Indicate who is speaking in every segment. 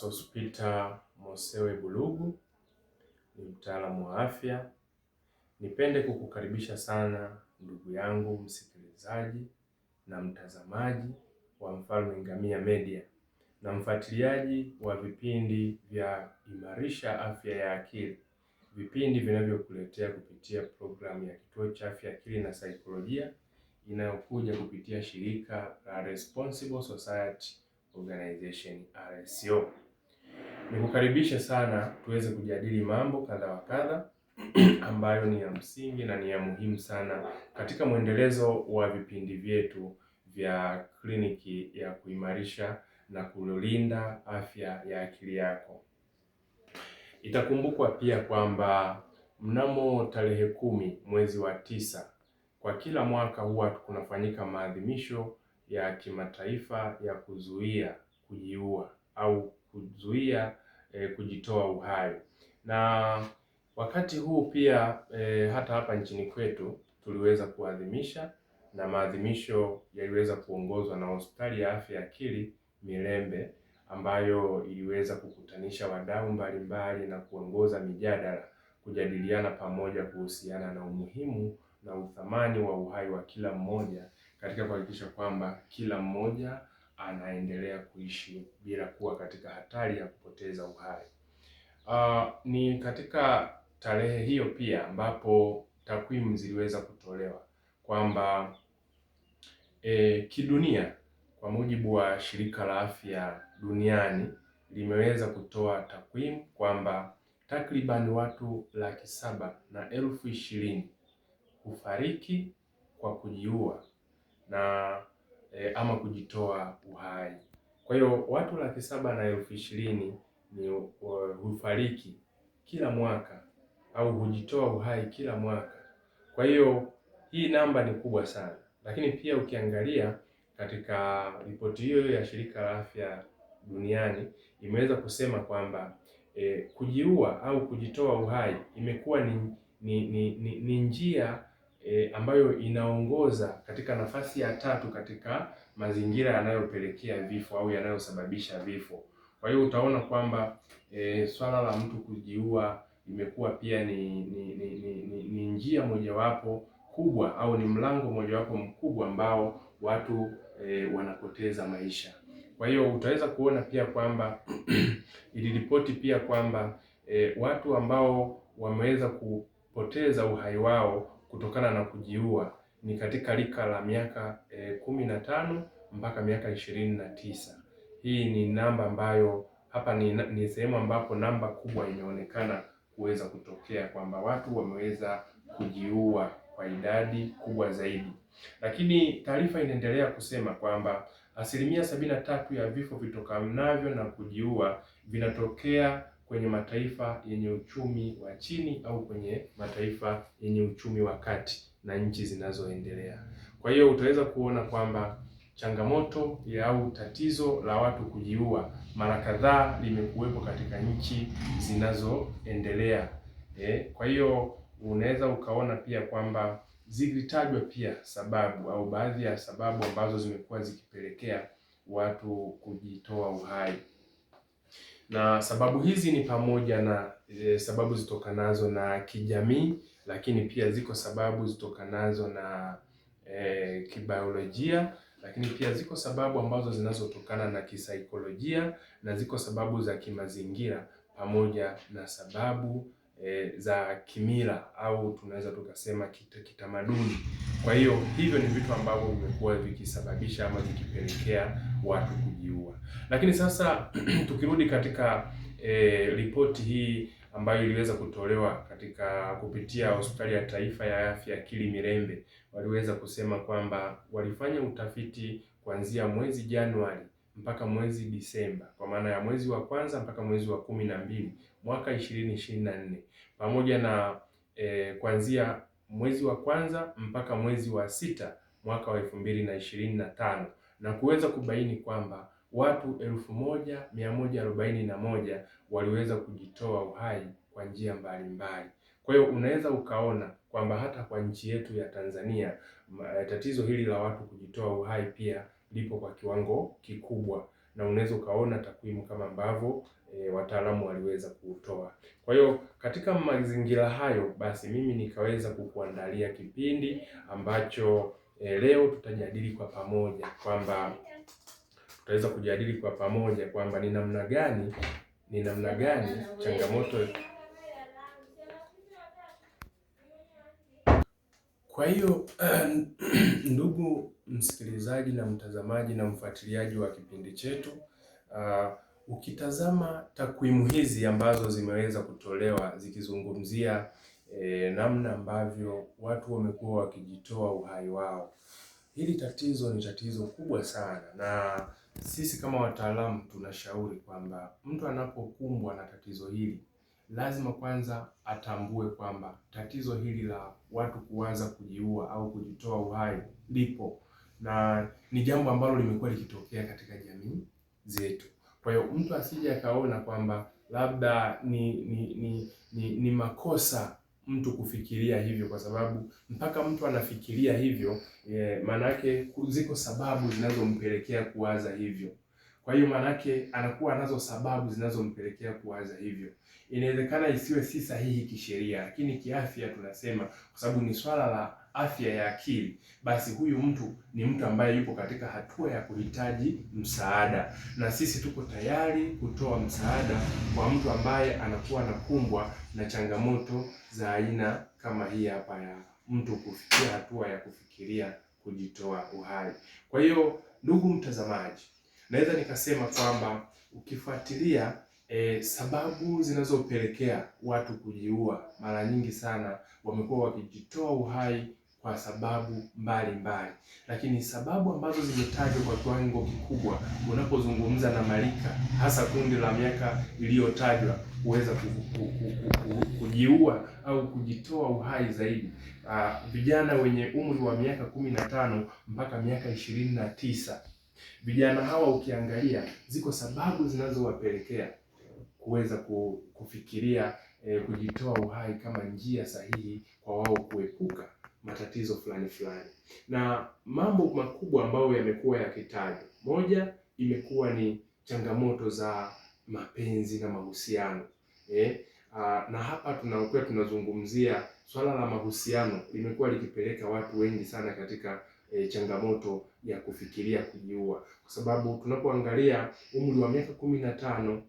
Speaker 1: Sospita Mosewe Bulugu ni mtaalamu wa afya. Nipende kukukaribisha sana ndugu yangu msikilizaji na mtazamaji wa Mfalme Ngamia Media na mfuatiliaji wa vipindi vya Imarisha Afya ya Akili, vipindi vinavyokuletea kupitia programu ya Kituo cha Afya Akili na Saikolojia inayokuja kupitia shirika la Responsible Society Organization RSO. Nikukaribishe sana tuweze kujadili mambo kadha wa kadha ambayo ni ya msingi na ni ya muhimu sana katika mwendelezo wa vipindi vyetu vya kliniki ya kuimarisha na kulinda afya ya akili yako. Itakumbukwa pia kwamba mnamo tarehe kumi mwezi wa tisa kwa kila mwaka huwa kunafanyika maadhimisho ya kimataifa ya kuzuia kujiua au kuzuia e, kujitoa uhai. Na wakati huu pia e, hata hapa nchini kwetu tuliweza kuadhimisha na maadhimisho yaliweza kuongozwa na hospitali ya afya ya akili Mirembe ambayo iliweza kukutanisha wadau mbalimbali na kuongoza mijadala kujadiliana pamoja kuhusiana na umuhimu na uthamani wa uhai wa kila mmoja katika kuhakikisha kwamba kila mmoja anaendelea kuishi bila kuwa katika hatari ya kupoteza uhai. Uh, ni katika tarehe hiyo pia ambapo takwimu ziliweza kutolewa kwamba e, kidunia kwa mujibu wa shirika la afya duniani limeweza kutoa takwimu kwamba takriban watu laki saba na elfu ishirini hufariki kwa kujiua na e, ama kujitoa uhai. Kwa hiyo watu laki saba na elfu ishirini ni eh, hufariki kila mwaka au hujitoa uhai kila mwaka. Kwa hiyo hii namba ni kubwa sana, lakini pia ukiangalia katika ripoti hiyo ya shirika la afya duniani imeweza kusema kwamba e, kujiua au kujitoa uhai imekuwa ni, ni, ni, ni, ni njia e, ambayo inaongoza katika nafasi ya tatu katika mazingira yanayopelekea vifo au yanayosababisha vifo. Kwa hiyo utaona kwamba e, swala la mtu kujiua imekuwa pia ni ni, ni, ni, ni, ni njia mojawapo kubwa au ni mlango mojawapo mkubwa ambao watu e, wanapoteza maisha. Kwa hiyo utaweza kuona pia kwamba iliripoti pia kwamba e, watu ambao wameweza kupoteza uhai wao kutokana na kujiua ni katika rika la miaka e, kumi na tano mpaka miaka ishirini na tisa. Hii ni namba ambayo hapa ni, ni sehemu ambapo namba kubwa imeonekana kuweza kutokea kwamba watu wameweza kujiua kwa idadi kubwa zaidi, lakini taarifa inaendelea kusema kwamba asilimia sabini na tatu ya vifo vitokanavyo na kujiua vinatokea kwenye mataifa yenye uchumi wa chini au kwenye mataifa yenye uchumi wa kati na nchi zinazoendelea. Kwa hiyo utaweza kuona kwamba changamoto ya au tatizo la watu kujiua mara kadhaa limekuwepo katika nchi zinazoendelea. Eh, kwa hiyo unaweza ukaona pia kwamba zilitajwa pia sababu au baadhi ya sababu ambazo zimekuwa zikipelekea watu kujitoa uhai na sababu hizi ni pamoja na e, sababu zitokanazo na kijamii, lakini pia ziko sababu zitokanazo na e, kibiolojia, lakini pia ziko sababu ambazo zinazotokana na kisaikolojia na ziko sababu za kimazingira pamoja na sababu e, za kimila au tunaweza tukasema kita, kitamaduni. Kwa hiyo hivyo ni vitu ambavyo vimekuwa vikisababisha ama vikipelekea watu kujiua. Lakini sasa tukirudi katika e, ripoti hii ambayo iliweza kutolewa katika kupitia hospitali ya taifa ya afya akili Mirembe, waliweza kusema kwamba walifanya utafiti kuanzia mwezi Januari mpaka mwezi Disemba, kwa maana ya mwezi wa kwanza mpaka mwezi wa kumi na mbili mwaka ishirini ishirini na nne pamoja na e, kuanzia mwezi wa kwanza mpaka mwezi wa sita mwaka wa elfu mbili na ishirini na tano na kuweza kubaini kwamba watu elfu moja mia moja arobaini na moja waliweza kujitoa uhai kwa njia mbalimbali. Kwa hiyo unaweza ukaona kwamba hata kwa nchi yetu ya Tanzania tatizo hili la watu kujitoa uhai pia lipo kwa kiwango kikubwa, na unaweza ukaona takwimu kama ambavyo e, wataalamu waliweza kutoa. Kwa hiyo katika mazingira hayo, basi mimi nikaweza kukuandalia kipindi ambacho e, leo tutajadili kwa pamoja kwamba tutaweza kujadili kwa pamoja kwamba ni namna gani ni namna gani changamoto Kwa hiyo ndugu msikilizaji na mtazamaji na mfuatiliaji wa kipindi chetu, uh, ukitazama takwimu hizi ambazo zimeweza kutolewa zikizungumzia eh, namna ambavyo watu wamekuwa wakijitoa uhai wao, hili tatizo ni tatizo kubwa sana, na sisi kama wataalamu tunashauri kwamba mtu anapokumbwa na tatizo hili lazima kwanza atambue kwamba tatizo hili la watu kuanza kujiua au kujitoa uhai lipo na ni jambo ambalo limekuwa likitokea katika jamii zetu. Kwa hiyo mtu asije akaona kwamba labda ni ni, ni ni ni makosa mtu kufikiria hivyo, kwa sababu mpaka mtu anafikiria hivyo, eh, maana yake ziko sababu zinazompelekea kuwaza hivyo. Kwa hiyo maanake anakuwa anazo sababu zinazompelekea kuwaza hivyo. Inawezekana isiwe si sahihi kisheria, lakini kiafya tunasema, kwa sababu ni swala la afya ya akili, basi huyu mtu ni mtu ambaye yupo katika hatua ya kuhitaji msaada, na sisi tuko tayari kutoa msaada kwa mtu ambaye anakuwa anakumbwa na changamoto za aina kama hii hapa ya mtu kufikia hatua ya kufikiria kujitoa uhai. Kwa hiyo, ndugu mtazamaji Naweza nikasema kwamba ukifuatilia e, sababu zinazopelekea watu kujiua mara nyingi sana wamekuwa wakijitoa uhai kwa sababu mbalimbali mbali. Lakini sababu ambazo zimetajwa kwa kiwango kikubwa unapozungumza na marika hasa kundi la miaka iliyotajwa kuweza kujiua au kujitoa uhai zaidi, ah, vijana wenye umri wa miaka kumi na tano mpaka miaka ishirini na tisa Vijana hawa ukiangalia, ziko sababu zinazowapelekea kuweza kufikiria eh, kujitoa uhai kama njia sahihi kwa wao kuepuka matatizo fulani fulani, na mambo makubwa ambayo yamekuwa yakitajwa, moja imekuwa ni changamoto za mapenzi na mahusiano eh, aa, ah, na hapa tunakuwa tunazungumzia swala la mahusiano limekuwa likipeleka watu wengi sana katika e, changamoto ya kufikiria kujiua, kwa sababu tunapoangalia umri wa miaka kumi na tano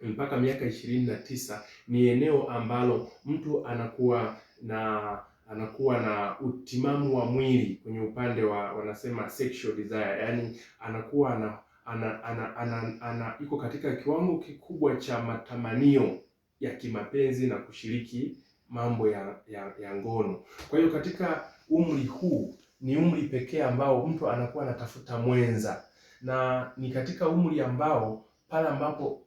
Speaker 1: mpaka miaka ishirini na tisa ni eneo ambalo mtu anakuwa na anakuwa na utimamu wa mwili kwenye upande wa wanasema sexual desire, yani anakuwa ana, ana, ana, ana, ana, ana iko katika kiwango kikubwa cha matamanio ya kimapenzi na kushiriki mambo ya, ya, ya ngono. Kwa hiyo katika umri huu ni umri pekee ambao mtu anakuwa anatafuta mwenza, na ni katika umri ambao pale ambapo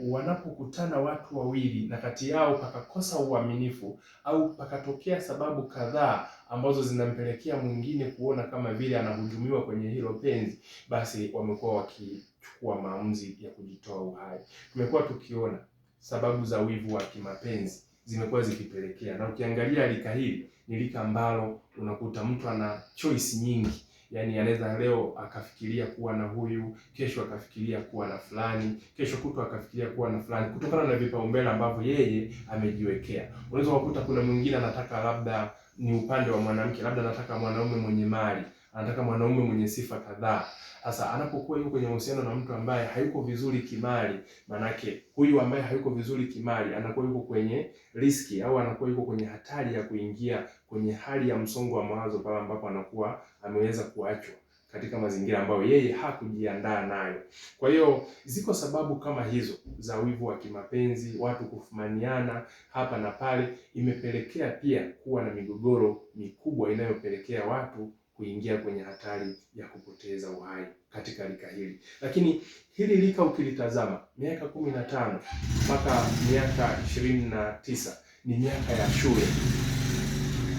Speaker 1: wanapokutana watu wawili na kati yao pakakosa uaminifu au pakatokea sababu kadhaa ambazo zinampelekea mwingine kuona kama vile anahujumiwa kwenye hilo penzi, basi wamekuwa wakichukua maamuzi ya kujitoa uhai. Tumekuwa tukiona sababu za wivu wa kimapenzi zimekuwa zikipelekea. Na ukiangalia lika hili ni lika ambalo unakuta mtu ana choice nyingi, yani anaweza leo akafikiria kuwa na huyu, kesho akafikiria kuwa na fulani, kesho kutwa akafikiria kuwa na fulani, kutokana na vipaumbele ambavyo yeye amejiwekea. Unaweza kukuta kuna mwingine anataka labda ni upande wa mwanamke, labda anataka mwanaume mwenye mali anataka mwanaume mwenye sifa kadhaa. Sasa anapokuwa yuko kwenye mahusiano na mtu ambaye hayuko vizuri kimali, manake huyu ambaye hayuko vizuri kimali anakuwa yuko kwenye riski au anakuwa yuko kwenye hatari ya kuingia kwenye hali ya msongo wa mawazo pale ambapo anakuwa ameweza kuachwa katika mazingira ambayo yeye hakujiandaa nayo. Kwa hiyo ziko sababu kama hizo za wivu wa kimapenzi, watu kufumaniana hapa na pale, imepelekea pia kuwa na migogoro mikubwa inayopelekea watu kuingia kwenye hatari ya kupoteza uhai katika lika hili. Lakini hili lika ukilitazama, miaka kumi na tano mpaka miaka ishirini na tisa ni miaka ya shule,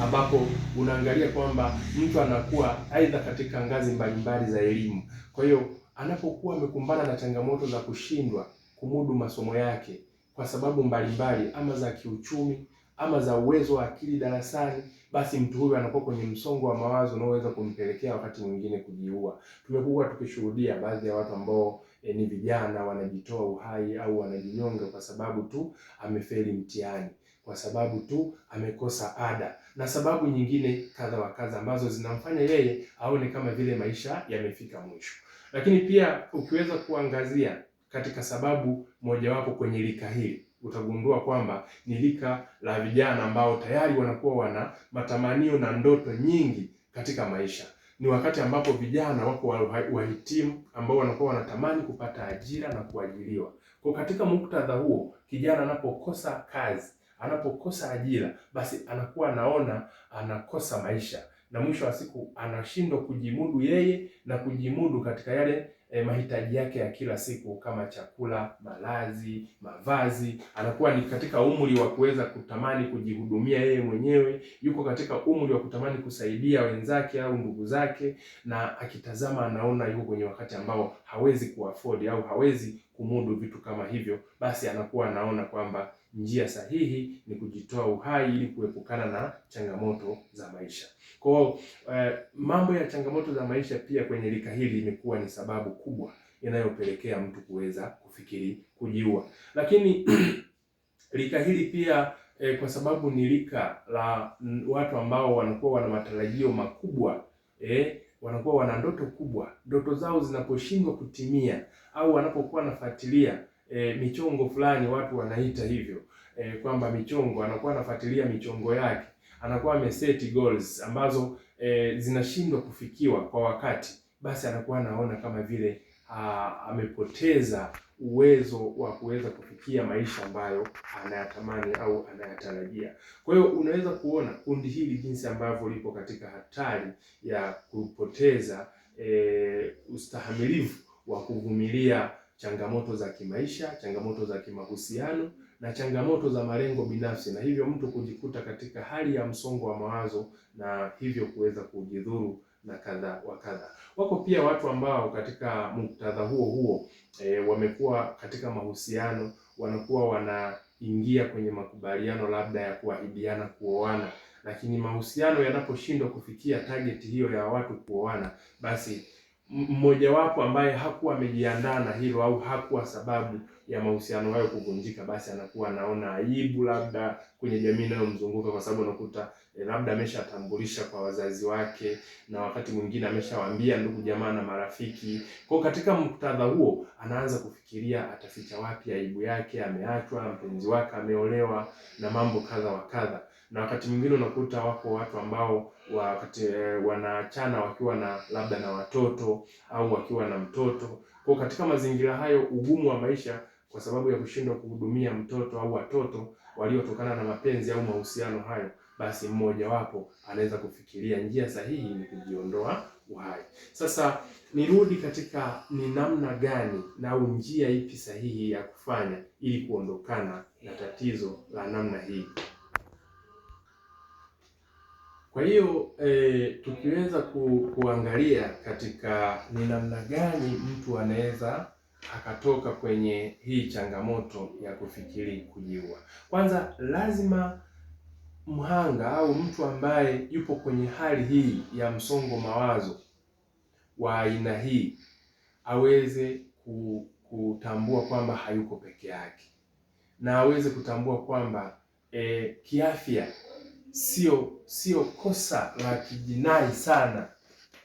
Speaker 1: ambapo unaangalia kwamba mtu anakuwa aidha katika ngazi mbalimbali za elimu. Kwa hiyo anapokuwa amekumbana na changamoto za kushindwa kumudu masomo yake kwa sababu mbalimbali, ama za kiuchumi ama za uwezo wa akili darasani, basi mtu huyu anakuwa kwenye msongo wa mawazo unaoweza kumpelekea wakati mwingine kujiua. Tumekuwa tukishuhudia baadhi ya watu ambao e, ni vijana wanajitoa uhai au wanajinyonga kwa sababu tu amefeli mtihani, kwa sababu tu amekosa ada na sababu nyingine kadha wa kadha ambazo zinamfanya yeye aone kama vile maisha yamefika mwisho. Lakini pia ukiweza kuangazia katika sababu mojawapo kwenye lika hili utagundua kwamba ni lika la vijana ambao tayari wanakuwa wana matamanio na ndoto nyingi katika maisha. Ni wakati ambapo vijana wako wahitimu ambao wanakuwa wanatamani kupata ajira na kuajiriwa. Kwa katika muktadha huo, kijana anapokosa kazi, anapokosa ajira, basi anakuwa anaona anakosa maisha, na mwisho wa siku anashindwa kujimudu yeye na kujimudu katika yale eh, mahitaji yake ya kila siku kama chakula, malazi, mavazi. Anakuwa ni katika umri wa kuweza kutamani kujihudumia yeye mwenyewe, yuko katika umri wa kutamani kusaidia wenzake au ndugu zake, na akitazama anaona yuko kwenye wakati ambao hawezi kuafford au hawezi kumudu vitu kama hivyo, basi anakuwa anaona kwamba njia sahihi ni kujitoa uhai ili kuepukana na changamoto za maisha. Kwa hiyo eh, mambo ya changamoto za maisha pia kwenye lika hili imekuwa ni sababu kubwa inayopelekea mtu kuweza kufikiri kujiua. Lakini lika hili pia eh, kwa sababu ni lika la watu ambao wanakuwa wana matarajio makubwa eh, wanakuwa wana ndoto kubwa. Ndoto zao zinaposhindwa kutimia au wanapokuwa nafuatilia e, michongo fulani watu wanaita hivyo e, kwamba michongo, anakuwa anafuatilia michongo yake, anakuwa ameseti goals ambazo e, zinashindwa kufikiwa kwa wakati, basi anakuwa anaona kama vile a, amepoteza uwezo wa kuweza kufikia maisha ambayo anayatamani au anayatarajia. Kwa hiyo unaweza kuona kundi hili jinsi ambavyo lipo katika hatari ya kupoteza e, ustahamilivu wa kuvumilia changamoto za kimaisha, changamoto za kimahusiano na changamoto za malengo binafsi, na hivyo mtu kujikuta katika hali ya msongo wa mawazo na hivyo kuweza kujidhuru na kadha wa kadha. Wako pia watu ambao katika muktadha huo huo e, wamekuwa katika mahusiano, wanakuwa wanaingia kwenye makubaliano labda ya kuahidiana kuoana, lakini mahusiano yanaposhindwa kufikia target hiyo ya watu kuoana, basi mmojawapo ambaye hakuwa amejiandaa na hilo au hakuwa sababu ya mahusiano hayo kuvunjika, basi anakuwa anaona aibu labda kwenye jamii inayomzunguka kwa sababu unakuta e, labda ameshatambulisha kwa wazazi wake, na wakati mwingine ameshawaambia ndugu jamaa na marafiki. Kwa katika muktadha huo, anaanza kufikiria ataficha wapi aibu yake, ameachwa mpenzi wake, ameolewa na mambo kadha wa kadha, na wakati mwingine unakuta wako watu ambao wakati eh, wanaachana wakiwa na labda na watoto au wakiwa na mtoto. Kwa katika mazingira hayo, ugumu wa maisha kwa sababu ya kushindwa kuhudumia mtoto au watoto waliotokana na mapenzi au mahusiano hayo, basi mmojawapo anaweza kufikiria njia sahihi ni kujiondoa uhai. Sasa nirudi katika ni namna gani na au njia ipi sahihi ya kufanya ili kuondokana na tatizo la namna hii. Kwa hiyo e, tukiweza ku, kuangalia katika ni namna gani mtu anaweza akatoka kwenye hii changamoto ya kufikiri kujiua. Kwanza lazima mhanga au mtu ambaye yupo kwenye hali hii ya msongo mawazo wa aina hii aweze kutambua kwamba hayuko peke yake na aweze kutambua kwamba e, kiafya sio sio kosa la kijinai sana,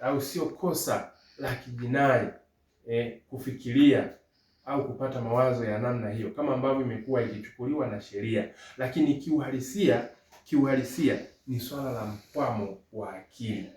Speaker 1: au sio kosa la kijinai e, kufikiria au kupata mawazo ya namna hiyo kama ambavyo imekuwa ikichukuliwa na sheria, lakini kiuhalisia, kiuhalisia ni swala la mkwamo wa akili,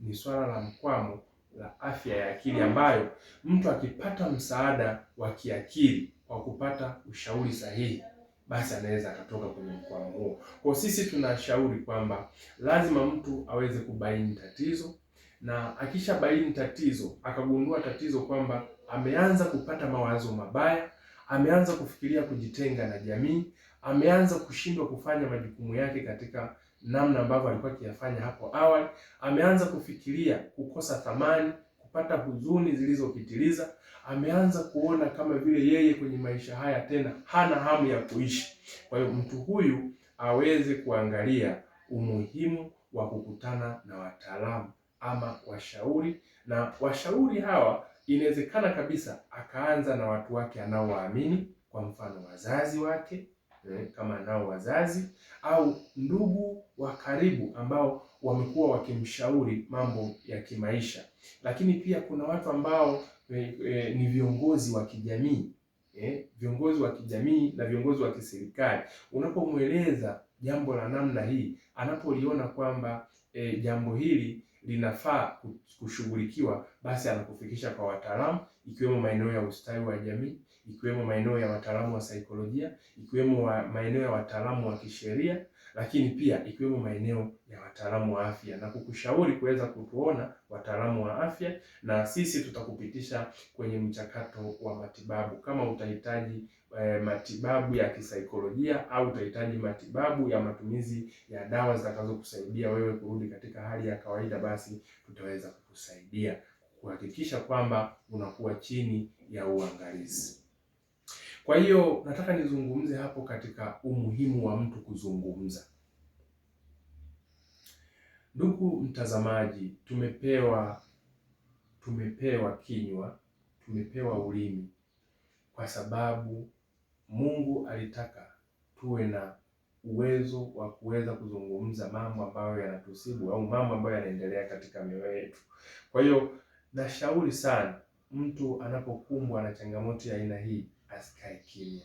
Speaker 1: ni swala la mkwamo la afya ya akili ambayo mtu akipata msaada wa kiakili kwa kupata ushauri sahihi basi anaweza akatoka kwenye mkwamo huo. Kwa sisi tunashauri kwamba lazima mtu aweze kubaini tatizo, na akisha baini tatizo, akagundua tatizo kwamba ameanza kupata mawazo mabaya, ameanza kufikiria kujitenga na jamii, ameanza kushindwa kufanya majukumu yake katika namna ambavyo alikuwa akiyafanya hapo awali, ameanza kufikiria kukosa thamani kupata huzuni zilizopitiliza. Ameanza kuona kama vile yeye kwenye maisha haya tena hana hamu ya kuishi. Kwa hiyo mtu huyu aweze kuangalia umuhimu wa kukutana na wataalamu ama washauri, na washauri hawa inawezekana kabisa akaanza na watu wake anaowaamini, kwa mfano wazazi wake eh, kama nao wazazi au ndugu wa karibu ambao wamekuwa wakimshauri mambo ya kimaisha. Lakini pia kuna watu ambao e, e, ni viongozi wa kijamii e, viongozi wa kijamii na viongozi wa kiserikali. Unapomweleza jambo la namna hii, anapoliona kwamba e, jambo hili linafaa kushughulikiwa, basi anakufikisha kwa wataalamu, ikiwemo maeneo ya ustawi wa jamii ikiwemo maeneo ya wataalamu wa saikolojia, ikiwemo wa maeneo ya wataalamu wa kisheria, lakini pia ikiwemo maeneo ya wataalamu wa afya, na kukushauri kuweza kutuona wataalamu wa afya, na sisi tutakupitisha kwenye mchakato wa matibabu kama utahitaji eh, matibabu ya kisaikolojia au utahitaji matibabu ya matumizi ya dawa zitakazokusaidia wewe kurudi katika hali ya kawaida, basi tutaweza kukusaidia kuhakikisha kwamba unakuwa chini ya uangalizi. Kwa hiyo nataka nizungumze hapo katika umuhimu wa mtu kuzungumza. Ndugu mtazamaji, tumepewa tumepewa kinywa, tumepewa ulimi kwa sababu Mungu alitaka tuwe na uwezo wa kuweza kuzungumza mambo ambayo yanatusibu au mambo ambayo yanaendelea katika mioyo yetu. Kwa hiyo nashauri sana mtu anapokumbwa na changamoto ya aina hii asikae kimya,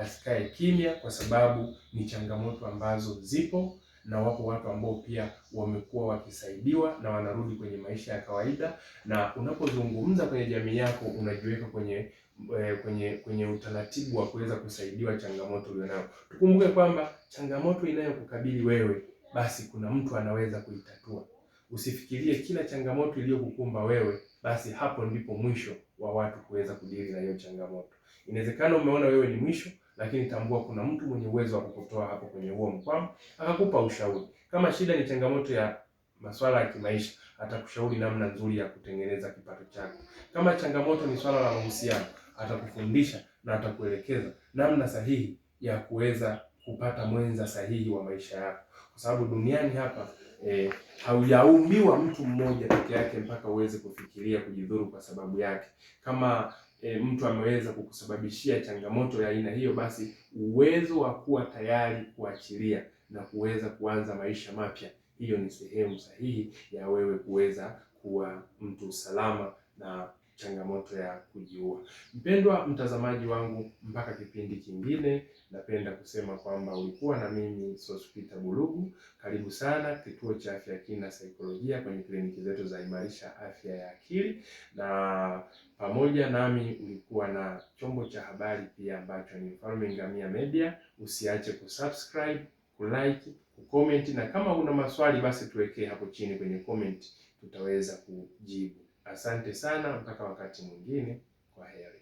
Speaker 1: asikae kimya, kwa sababu ni changamoto ambazo zipo na wapo watu ambao pia wamekuwa wakisaidiwa na wanarudi kwenye maisha ya kawaida. Na unapozungumza kwenye jamii yako unajiweka kwenye eh, kwenye kwenye utaratibu wa kuweza kusaidiwa changamoto ulionayo. Tukumbuke kwamba changamoto inayokukabili wewe, basi kuna mtu anaweza kuitatua. Usifikirie kila changamoto iliyokukumba wewe, basi hapo ndipo mwisho wa watu kuweza kudili na hiyo changamoto. Inawezekana umeona wewe ni mwisho, lakini tambua kuna mtu mwenye uwezo wa kukutoa hapo kwenye huo mkwamo, akakupa ushauri. Kama shida ni changamoto ya masuala ya kimaisha, atakushauri namna nzuri ya kutengeneza kipato chako. Kama changamoto ni swala la mahusiano, atakufundisha na atakuelekeza namna sahihi ya kuweza kupata mwenza sahihi wa maisha yako, kwa sababu duniani hapa eh, haujaumbiwa mtu mmoja peke yake mpaka uweze kufikiria kujidhuru kwa sababu yake. Kama e, mtu ameweza kukusababishia changamoto ya aina hiyo, basi uwezo wa kuwa tayari kuachilia na kuweza kuanza maisha mapya, hiyo ni sehemu sahihi ya wewe kuweza kuwa mtu salama na changamoto ya kujiua. Mpendwa mtazamaji wangu, mpaka kipindi kingine, napenda kusema kwamba ulikuwa na mimi Sospita Bulugu. Karibu sana kituo cha afya akili na saikolojia kwenye kliniki zetu za Imarisha Afya ya Akili, na pamoja nami ulikuwa na chombo cha habari pia ambacho ni Mfalme Ngamia Media. Usiache kusubscribe, kulike, kucomment na kama una maswali basi tuwekee hapo chini kwenye comment, tutaweza kujibu. Asante sana, mpaka wakati mwingine, kwa heri.